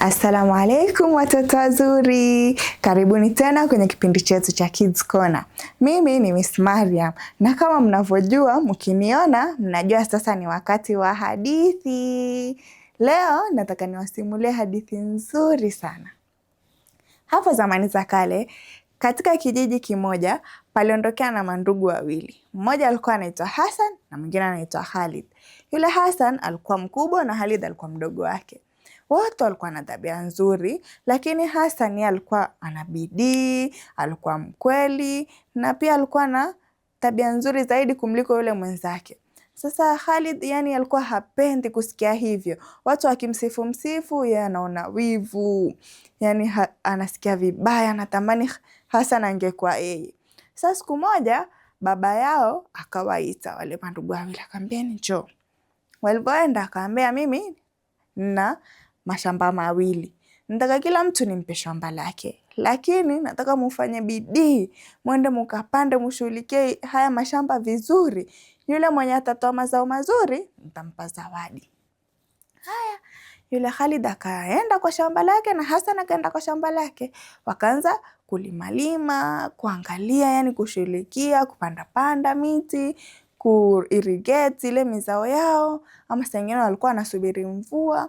Assalamu alaikum watoto wazuri, karibuni tena kwenye kipindi chetu cha Kids Corner. Mimi ni Miss Mariam na kama mnavyojua, mkiniona mnajua sasa ni wakati wa hadithi. Leo nataka niwasimulie hadithi nzuri sana. Hapo zamani za kale, katika kijiji kimoja paliondokea na mandugu wawili. Mmoja alikuwa anaitwa Hassan na mwingine anaitwa Khalid. Yule Hassan alikuwa mkubwa na Khalid alikuwa mdogo wake. Wote walikuwa na tabia nzuri, lakini Hasani alikuwa ana bidii, alikuwa mkweli na pia alikuwa na tabia nzuri zaidi kumliko yule mwenzake. Sasa Khalid yani alikuwa hapendi kusikia hivyo, watu wakimsifu msifu, yeye anaona wivu, yani ha, anasikia vibaya, anatamani Hasan angekuwa yeye. Sasa siku moja baba yao akawaita wale mandugu wawili, akamwambia njoo. Walipoenda akaambia mimi na mashamba mawili. Nataka kila mtu nimpe shamba lake, lakini nataka mufanye bidii, mwende mukapande, mushughulikie haya mashamba vizuri. Yule mwenye atatoa mazao mazuri ntampa zawadi. Haya, yule Khalid akaenda kwa shamba lake na Hasan akaenda kwa shamba lake, wakaanza kulimalima, kuangalia, yani kushughulikia, panda miti kuirigate ile mizao yao, ama saa ingine walikuwa wanasubiri mvua.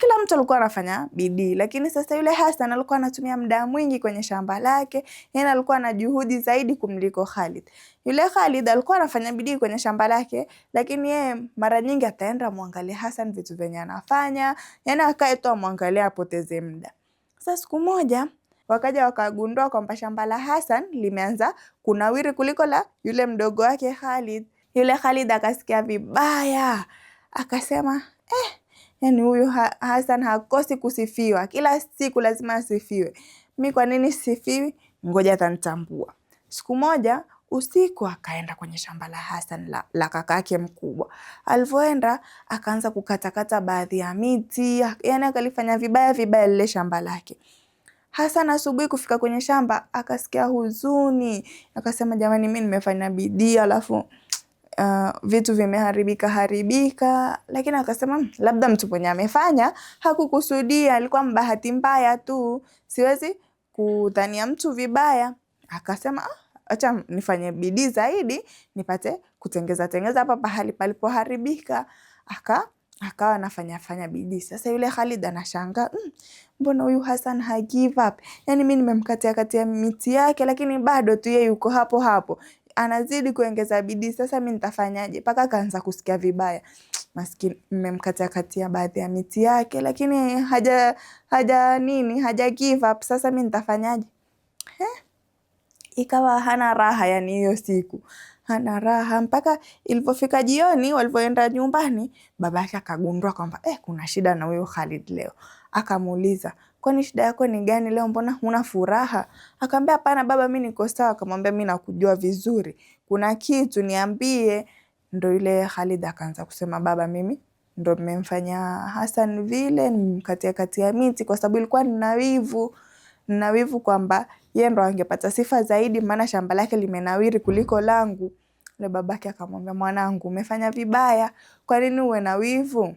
Kila mtu alikuwa anafanya bidii, lakini sasa yule Hassan alikuwa anatumia muda mwingi kwenye shamba lake, yaani alikuwa na juhudi zaidi kumliko Khalid. Yule Khalid alikuwa anafanya bidii kwenye shamba lake, lakini yeye mara nyingi ataenda muangalie Hassan vitu venye anafanya, yani akae tu amwangalia apoteze muda. Sasa siku moja wakaja wakagundua kwamba shamba la Hassan limeanza kunawiri kuliko la yule mdogo wake Khalid. Yule Khalid akasikia vibaya, akasema eh, yani huyu ha Hassan hakosi kusifiwa, kila siku lazima asifiwe. Mi kwa nini sifiwi? Ngoja atanitambua siku moja. Usiku akaenda kwenye shamba la Hassan la, la kakake mkubwa. Alivyoenda akaanza kukatakata baadhi ya miti, yani akalifanya vibaya vibaya lile shamba lake. Hassan asubuhi kufika kwenye shamba akasikia huzuni, akasema jamani, mi nimefanya bidii alafu uh, vitu vimeharibika haribika, lakini akasema hmm, labda mtu mwenye amefanya hakukusudia, alikuwa mbahati mbaya tu, siwezi kudhania mtu vibaya. Akasema ah, acha nifanye bidii zaidi nipate kutengeza tengeza hapa pahali palipoharibika. Aka akawa anafanya fanya bidii. Sasa yule Khalid anashanga, mm, mbona huyu Hassan ha give up? Yani mimi nimemkatia kati ya miti yake, lakini bado tu yeye yuko hapo hapo, anazidi kuongeza bidii. Sasa mi nitafanyaje? Mpaka akaanza kusikia vibaya, maskini mmemkatia katia baadhi ya miti yake, lakini haja haja nini, haja give up. Sasa mi nitafanyaje? Eh, ikawa hana raha, yani hiyo siku hana raha mpaka ilivyofika jioni, walivyoenda nyumbani, babake akagundua kwamba eh, kuna shida na huyo Khalid leo. Akamuuliza, kwani shida yako ni gani leo? Mbona huna furaha? Akaambia, hapana baba, mi niko sawa. Akamwambia, mi nakujua vizuri, kuna kitu niambie. Ndo yule Khalid akaanza kusema, baba, mimi ndo mmemfanya Hassan vile, nimkatia kati ya miti kwa sababu ilikuwa nina wivu, nina wivu kwamba ye ndo angepata sifa zaidi, maana shamba lake limenawiri kuliko langu. Yule babake akamwambia, mwanangu, umefanya vibaya. Kwa nini uwe na wivu?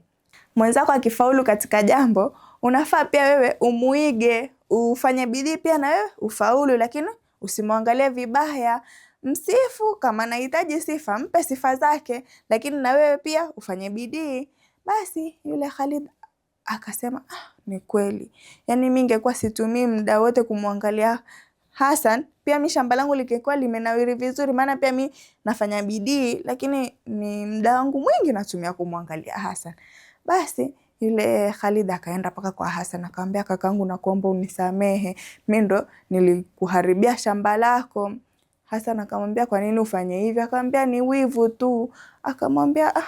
Mwenzako akifaulu katika jambo unafaa pia wewe umuige, ufanye bidii pia na wewe ufaulu, lakini usimwangalie vibaya. Msifu kama anahitaji sifa, mpe sifa zake, lakini na wewe pia ufanye bidii. Basi yule Khalid akasema ah, ni kweli, yaani mi ngekuwa situmii muda wote kumwangalia Hassan, pia mi shamba langu likikuwa limenawiri vizuri, maana pia mi nafanya bidii, lakini ni muda wangu mwingi natumia kumwangalia Hassan. Basi yule Khalid akaenda paka kwa Hassan akamwambia, kakangu, nakuomba unisamehe, mimi ndo nilikuharibia shamba lako. Hassan akamwambia, kwa nini ufanye hivyo? Akamwambia, ni wivu tu. Akamwambia, ah,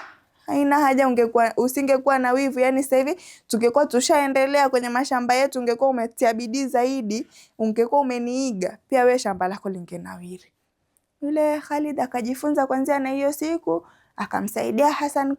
haina haja, ungekuwa usingekuwa na wivu, yani sasa hivi tungekuwa tushaendelea kwenye mashamba yetu, ungekuwa umetia bidii zaidi, ungekuwa umeniiga pia, we shamba lako lingenawiri. Yule Khalid akajifunza kwanzia na hiyo siku akamsaidia Hasan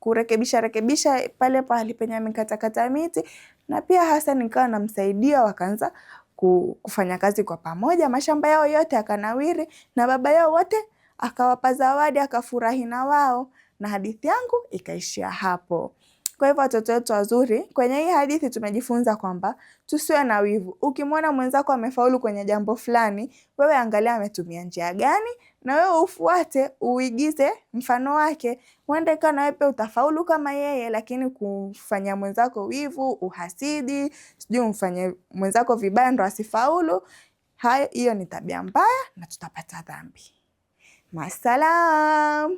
kurekebisha rekebisha pale pale penye amekatakata miti, na pia Hasan ikawa anamsaidia wakaanza kufanya kazi kwa pamoja. Mashamba yao yote akanawiri, na baba yao wote akawapa zawadi, akafurahi na wao, na hadithi yangu ikaishia hapo. Kwa hivyo watoto wetu wazuri, kwenye hii hadithi tumejifunza kwamba tusiwe na wivu. Ukimwona mwenzako amefaulu kwenye jambo fulani, wewe angalia ametumia njia gani, na wewe ufuate, uigize mfano wake. Huenda ikawa na wewe utafaulu kama yeye, lakini kufanya mwenzako wivu, uhasidi, sijui umfanye mwenzako vibaya ndo asifaulu, hayo hiyo ni tabia mbaya na tutapata dhambi. Masalam.